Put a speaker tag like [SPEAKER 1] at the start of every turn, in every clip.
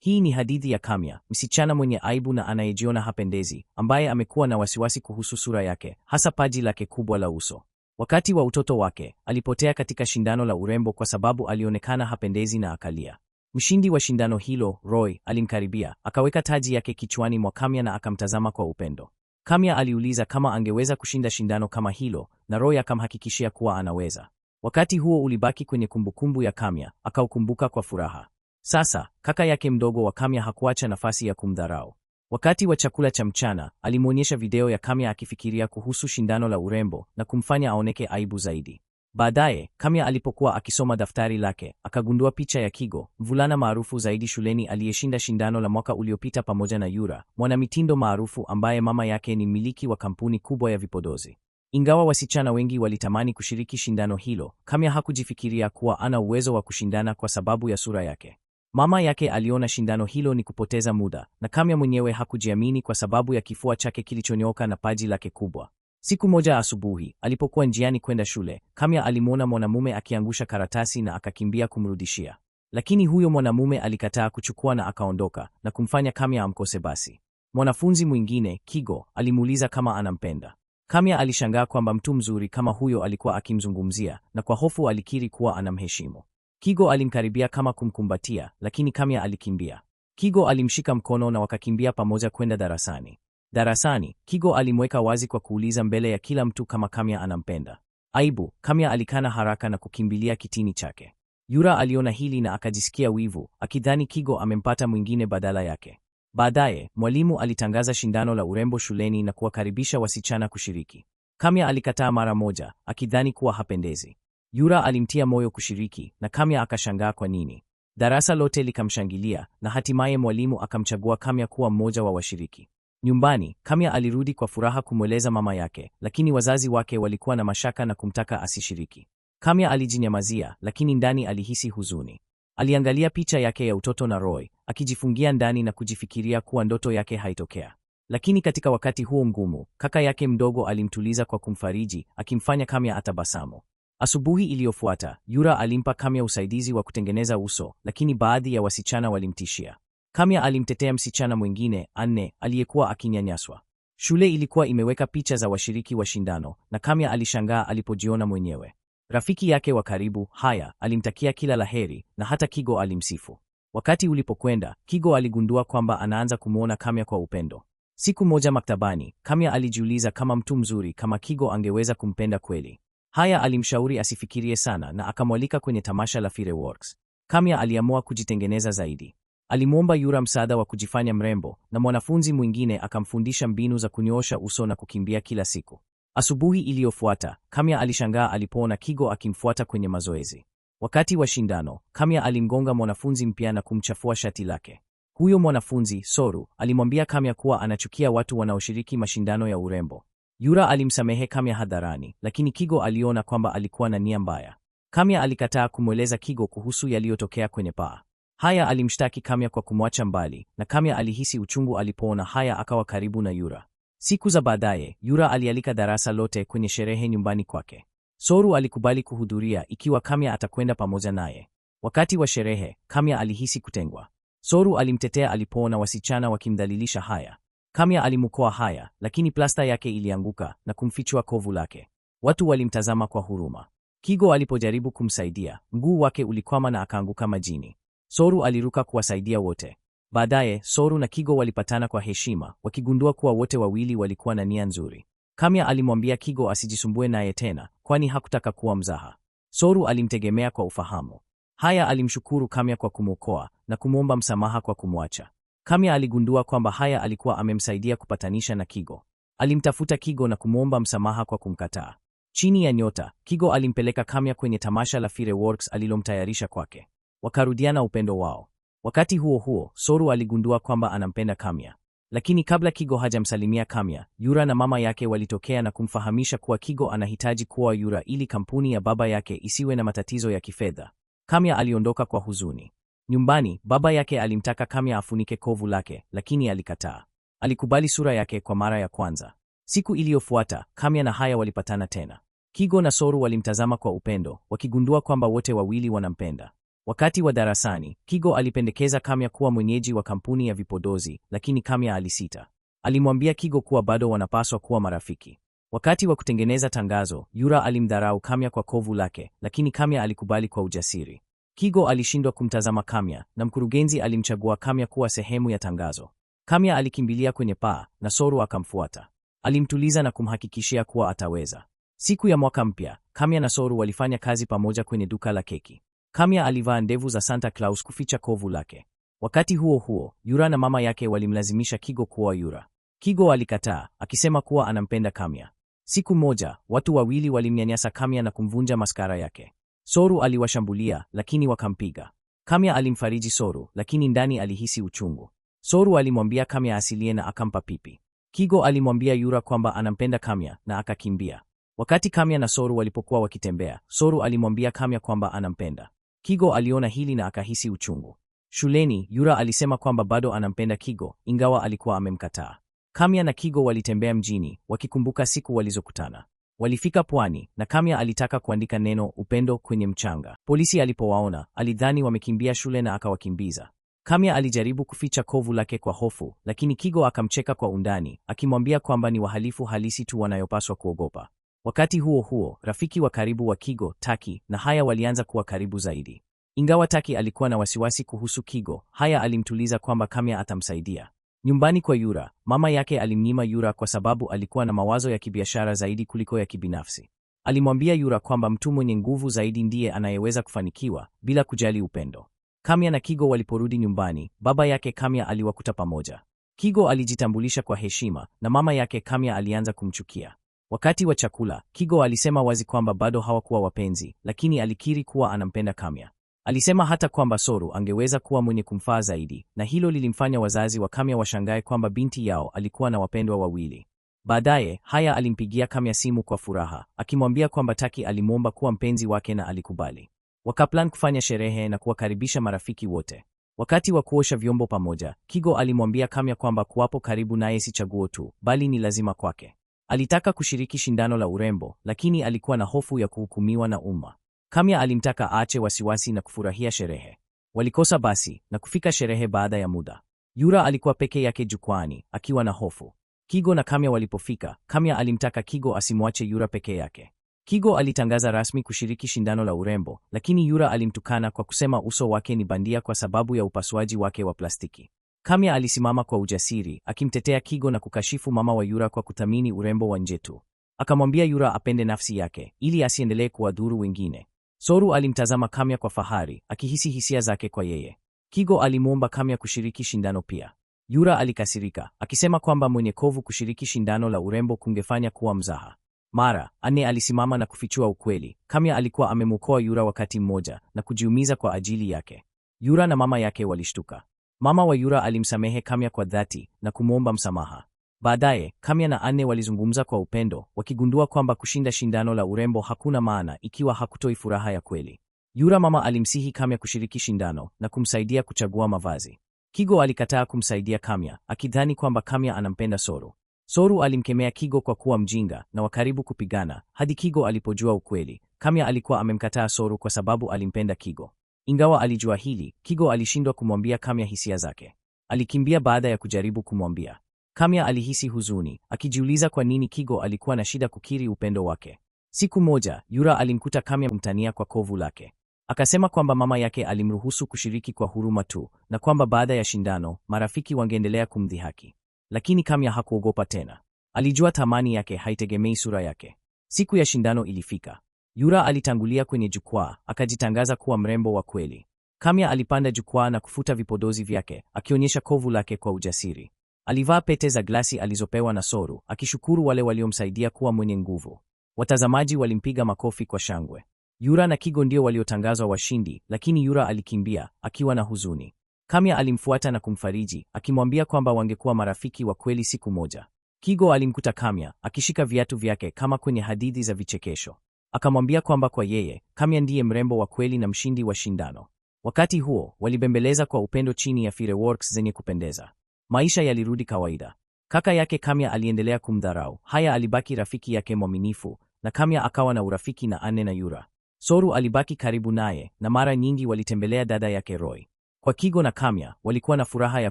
[SPEAKER 1] Hii ni hadithi ya Kamya, msichana mwenye aibu na anayejiona hapendezi, ambaye amekuwa na wasiwasi kuhusu sura yake, hasa paji lake kubwa la uso. Wakati wa utoto wake, alipotea katika shindano la urembo kwa sababu alionekana hapendezi na akalia. Mshindi wa shindano hilo, Roy, alimkaribia, akaweka taji yake kichwani mwa Kamya na akamtazama kwa upendo. Kamya aliuliza kama angeweza kushinda shindano kama hilo, na Roy akamhakikishia kuwa anaweza. Wakati huo ulibaki kwenye kumbukumbu ya Kamya, akaukumbuka kwa furaha. Sasa kaka yake mdogo wa Kamya hakuacha nafasi ya kumdharau. Wakati wa chakula cha mchana, alimwonyesha video ya Kamya akifikiria kuhusu shindano la urembo na kumfanya aoneke aibu zaidi. Baadaye, Kamya alipokuwa akisoma daftari lake, akagundua picha ya Kigo, mvulana maarufu zaidi shuleni aliyeshinda shindano la mwaka uliopita pamoja na Yura, mwanamitindo maarufu ambaye mama yake ni mmiliki wa kampuni kubwa ya vipodozi. Ingawa wasichana wengi walitamani kushiriki shindano hilo, Kamya hakujifikiria kuwa ana uwezo wa kushindana kwa sababu ya sura yake. Mama yake aliona shindano hilo ni kupoteza muda, na Kamya mwenyewe hakujiamini kwa sababu ya kifua chake kilichonyoka na paji lake kubwa. Siku moja asubuhi, alipokuwa njiani kwenda shule, Kamya alimwona mwanamume akiangusha karatasi na akakimbia kumrudishia, lakini huyo mwanamume alikataa kuchukua na akaondoka, na kumfanya Kamya amkose. Basi mwanafunzi mwingine Kigo alimuuliza kama anampenda. Kamya alishangaa kwamba mtu mzuri kama huyo alikuwa akimzungumzia, na kwa hofu alikiri kuwa anamheshimu. Kigo alimkaribia kama kumkumbatia, lakini Kamya alikimbia. Kigo alimshika mkono na wakakimbia pamoja kwenda darasani. Darasani, Kigo alimweka wazi kwa kuuliza mbele ya kila mtu kama Kamya anampenda. Aibu, Kamya alikana haraka na kukimbilia kitini chake. Yura aliona hili na akajisikia wivu, akidhani Kigo amempata mwingine badala yake. Baadaye, mwalimu alitangaza shindano la urembo shuleni na kuwakaribisha wasichana kushiriki. Kamya alikataa mara moja, akidhani kuwa hapendezi. Yura alimtia moyo kushiriki na Kamya akashangaa kwa nini. Darasa lote likamshangilia na hatimaye mwalimu akamchagua Kamya kuwa mmoja wa washiriki. Nyumbani, Kamya alirudi kwa furaha kumweleza mama yake, lakini wazazi wake walikuwa na mashaka na kumtaka asishiriki. Kamya alijinyamazia, lakini ndani alihisi huzuni. Aliangalia picha yake ya utoto na Roy, akijifungia ndani na kujifikiria kuwa ndoto yake haitokea. Lakini katika wakati huo mgumu, kaka yake mdogo alimtuliza kwa kumfariji, akimfanya Kamya atabasamu. Asubuhi iliyofuata, Yura alimpa Kamya usaidizi wa kutengeneza uso, lakini baadhi ya wasichana walimtishia. Kamya alimtetea msichana mwingine Anne aliyekuwa akinyanyaswa. Shule ilikuwa imeweka picha za washiriki wa shindano, na Kamya alishangaa alipojiona mwenyewe. Rafiki yake wa karibu Haya alimtakia kila laheri na hata Kigo alimsifu. Wakati ulipokwenda, Kigo aligundua kwamba anaanza kumwona Kamya kwa upendo. Siku moja maktabani, Kamya alijiuliza kama mtu mzuri kama Kigo angeweza kumpenda kweli. Haya alimshauri asifikirie sana na akamwalika kwenye tamasha la Fireworks. Kamya aliamua kujitengeneza zaidi. Alimwomba Yura msaada wa kujifanya mrembo na mwanafunzi mwingine akamfundisha mbinu za kunyoosha uso na kukimbia kila siku. Asubuhi iliyofuata, Kamya alishangaa alipoona Kigo akimfuata kwenye mazoezi. Wakati wa shindano, Kamya alimgonga mwanafunzi mpya na kumchafua shati lake. Huyo mwanafunzi, Soru, alimwambia Kamya kuwa anachukia watu wanaoshiriki mashindano ya urembo. Yura alimsamehe Kamya hadharani, lakini Kigo aliona kwamba alikuwa na nia mbaya. Kamya alikataa kumweleza Kigo kuhusu yaliyotokea kwenye paa. Haya alimshtaki Kamya kwa kumwacha mbali, na Kamya alihisi uchungu alipoona Haya akawa karibu na Yura. Siku za baadaye, Yura alialika darasa lote kwenye sherehe nyumbani kwake. Soru alikubali kuhudhuria ikiwa Kamya atakwenda pamoja naye. Wakati wa sherehe, Kamya alihisi kutengwa. Soru alimtetea alipoona wasichana wakimdhalilisha Haya. Kamya alimkoa haya, lakini plasta yake ilianguka na kumfichua kovu lake. Watu walimtazama kwa huruma. Kigo alipojaribu kumsaidia, mguu wake ulikwama na akaanguka majini. Soru aliruka kuwasaidia wote. Baadaye Soru na Kigo walipatana kwa heshima, wakigundua kuwa wote wawili walikuwa na nia nzuri. Kamya alimwambia Kigo asijisumbue naye tena, kwani hakutaka kuwa mzaha. Soru alimtegemea kwa ufahamu. Haya alimshukuru Kamya kwa kumwokoa na kumwomba msamaha kwa kumwacha. Kamya aligundua kwamba Haya alikuwa amemsaidia kupatanisha na Kigo. Alimtafuta Kigo na kumwomba msamaha kwa kumkataa. Chini ya nyota, Kigo alimpeleka Kamya kwenye tamasha la Fireworks alilomtayarisha kwake. Wakarudiana upendo wao. Wakati huo huo, Soru aligundua kwamba anampenda Kamya. Lakini kabla Kigo hajamsalimia Kamya, Yura na mama yake walitokea na kumfahamisha kuwa Kigo anahitaji kuwa Yura ili kampuni ya baba yake isiwe na matatizo ya kifedha. Kamya aliondoka kwa huzuni. Nyumbani, baba yake alimtaka Kamya afunike kovu lake, lakini alikataa. Alikubali sura yake kwa mara ya kwanza. Siku iliyofuata, Kamya na Haya walipatana tena. Kigo na Soru walimtazama kwa upendo, wakigundua kwamba wote wawili wanampenda. Wakati wa darasani, Kigo alipendekeza Kamya kuwa mwenyeji wa kampuni ya vipodozi, lakini Kamya alisita. Alimwambia Kigo kuwa bado wanapaswa kuwa marafiki. Wakati wa kutengeneza tangazo, Yura alimdharau Kamya kwa kovu lake, lakini Kamya alikubali kwa ujasiri. Kigo alishindwa kumtazama Kamya na mkurugenzi alimchagua Kamya kuwa sehemu ya tangazo. Kamya alikimbilia kwenye paa na Soru akamfuata. Alimtuliza na kumhakikishia kuwa ataweza. Siku ya mwaka mpya, Kamya na Soru walifanya kazi pamoja kwenye duka la keki. Kamya alivaa ndevu za Santa Claus kuficha kovu lake. Wakati huo huo, Yura na mama yake walimlazimisha Kigo kuoa Yura. Kigo alikataa, akisema kuwa anampenda Kamya. Siku moja, watu wawili walimnyanyasa Kamya na kumvunja maskara yake. Soru aliwashambulia lakini wakampiga. Kamya alimfariji Soru lakini ndani alihisi uchungu. Soru alimwambia Kamya asilie na akampa pipi. Kigo alimwambia Yura kwamba anampenda Kamya na akakimbia. Wakati Kamya na Soru walipokuwa wakitembea, Soru alimwambia Kamya kwamba anampenda. Kigo aliona hili na akahisi uchungu. Shuleni, Yura alisema kwamba bado anampenda Kigo ingawa alikuwa amemkataa. Kamya na Kigo walitembea mjini wakikumbuka siku walizokutana. Walifika pwani na Kamya alitaka kuandika neno upendo kwenye mchanga. Polisi alipowaona alidhani wamekimbia shule na akawakimbiza. Kamya alijaribu kuficha kovu lake kwa hofu, lakini Kigo akamcheka kwa undani, akimwambia kwamba ni wahalifu halisi tu wanayopaswa kuogopa. Wakati huo huo, rafiki wa karibu wa Kigo, Taki na Haya walianza kuwa karibu zaidi. Ingawa Taki alikuwa na wasiwasi kuhusu Kigo, Haya alimtuliza kwamba Kamya atamsaidia. Nyumbani kwa Yura, mama yake alimnyima Yura kwa sababu alikuwa na mawazo ya kibiashara zaidi kuliko ya kibinafsi. Alimwambia Yura kwamba mtu mwenye nguvu zaidi ndiye anayeweza kufanikiwa bila kujali upendo. Kamya na Kigo waliporudi nyumbani, baba yake Kamya aliwakuta pamoja. Kigo alijitambulisha kwa heshima na mama yake Kamya alianza kumchukia. Wakati wa chakula, Kigo alisema wazi kwamba bado hawakuwa wapenzi, lakini alikiri kuwa anampenda Kamya. Alisema hata kwamba Soru angeweza kuwa mwenye kumfaa zaidi, na hilo lilimfanya wazazi wa Kamya washangae kwamba binti yao alikuwa na wapendwa wawili. Baadaye Haya alimpigia Kamya simu kwa furaha, akimwambia kwamba Taki alimwomba kuwa mpenzi wake na alikubali. Wakaplan kufanya sherehe na kuwakaribisha marafiki wote. Wakati wa kuosha vyombo pamoja, Kigo alimwambia Kamya kwamba kuwapo karibu naye si chaguo tu, bali ni lazima kwake. Alitaka kushiriki shindano la urembo, lakini alikuwa na hofu ya kuhukumiwa na umma. Kamya alimtaka aache wasiwasi na kufurahia sherehe. Walikosa basi na kufika sherehe baada ya muda. Yura alikuwa peke yake jukwani akiwa na hofu. Kigo na Kamya walipofika, Kamya alimtaka Kigo asimwache Yura peke yake. Kigo alitangaza rasmi kushiriki shindano la urembo, lakini Yura alimtukana kwa kusema uso wake ni bandia kwa sababu ya upasuaji wake wa plastiki. Kamya alisimama kwa ujasiri akimtetea Kigo na kukashifu mama wa Yura kwa kuthamini urembo wa nje tu. Akamwambia Yura apende nafsi yake ili asiendelee kuwadhuru wengine. Soru alimtazama Kamya kwa fahari, akihisi hisia zake kwa yeye. Kigo alimwomba Kamya kushiriki shindano pia. Yura alikasirika, akisema kwamba mwenye kovu kushiriki shindano la urembo kungefanya kuwa mzaha. Mara, Anne alisimama na kufichua ukweli. Kamya alikuwa amemwokoa Yura wakati mmoja na kujiumiza kwa ajili yake. Yura na mama yake walishtuka. Mama wa Yura alimsamehe Kamya kwa dhati na kumwomba msamaha. Baadaye, Kamya na Anne walizungumza kwa upendo, wakigundua kwamba kushinda shindano la urembo hakuna maana ikiwa hakutoi furaha ya kweli. Yura mama alimsihi Kamya kushiriki shindano na kumsaidia kuchagua mavazi. Kigo alikataa kumsaidia Kamya, akidhani kwamba Kamya anampenda Soru. Soru alimkemea Kigo kwa kuwa mjinga na wakaribu kupigana, hadi Kigo alipojua ukweli. Kamya alikuwa amemkataa Soru kwa sababu alimpenda Kigo. Ingawa alijua hili, Kigo alishindwa kumwambia Kamya hisia zake. Alikimbia baada ya kujaribu kumwambia. Kamya alihisi huzuni, akijiuliza kwa nini Kigo alikuwa na shida kukiri upendo wake. Siku moja, Yura alimkuta Kamya mtania kwa kovu lake. Akasema kwamba mama yake alimruhusu kushiriki kwa huruma tu na kwamba baada ya shindano, marafiki wangeendelea kumdhihaki. Lakini Kamya hakuogopa tena. Alijua thamani yake haitegemei sura yake. Siku ya shindano ilifika. Yura alitangulia kwenye jukwaa, akajitangaza kuwa mrembo wa kweli. Kamya alipanda jukwaa na kufuta vipodozi vyake, akionyesha kovu lake kwa ujasiri. Alivaa pete za glasi alizopewa na Soru, akishukuru wale waliomsaidia kuwa mwenye nguvu. Watazamaji walimpiga makofi kwa shangwe. Yura na Kigo ndio waliotangazwa washindi, lakini Yura alikimbia akiwa na huzuni. Kamya alimfuata na kumfariji, akimwambia kwamba wangekuwa marafiki wa kweli siku moja. Kigo alimkuta Kamya akishika viatu vyake kama kwenye hadithi za vichekesho. Akamwambia kwamba kwa yeye, Kamya ndiye mrembo wa kweli na mshindi wa shindano. Wakati huo, walibembeleza kwa upendo chini ya fireworks zenye kupendeza. Maisha yalirudi kawaida. Kaka yake Kamya aliendelea kumdharau, Haya alibaki rafiki yake mwaminifu, na Kamya akawa na urafiki na Anne na Yura. Soru alibaki karibu naye, na mara nyingi walitembelea dada yake Roy. Kwa Kigo na Kamya walikuwa na furaha ya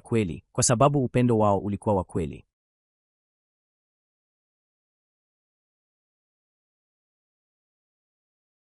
[SPEAKER 1] kweli, kwa sababu upendo wao ulikuwa wa kweli.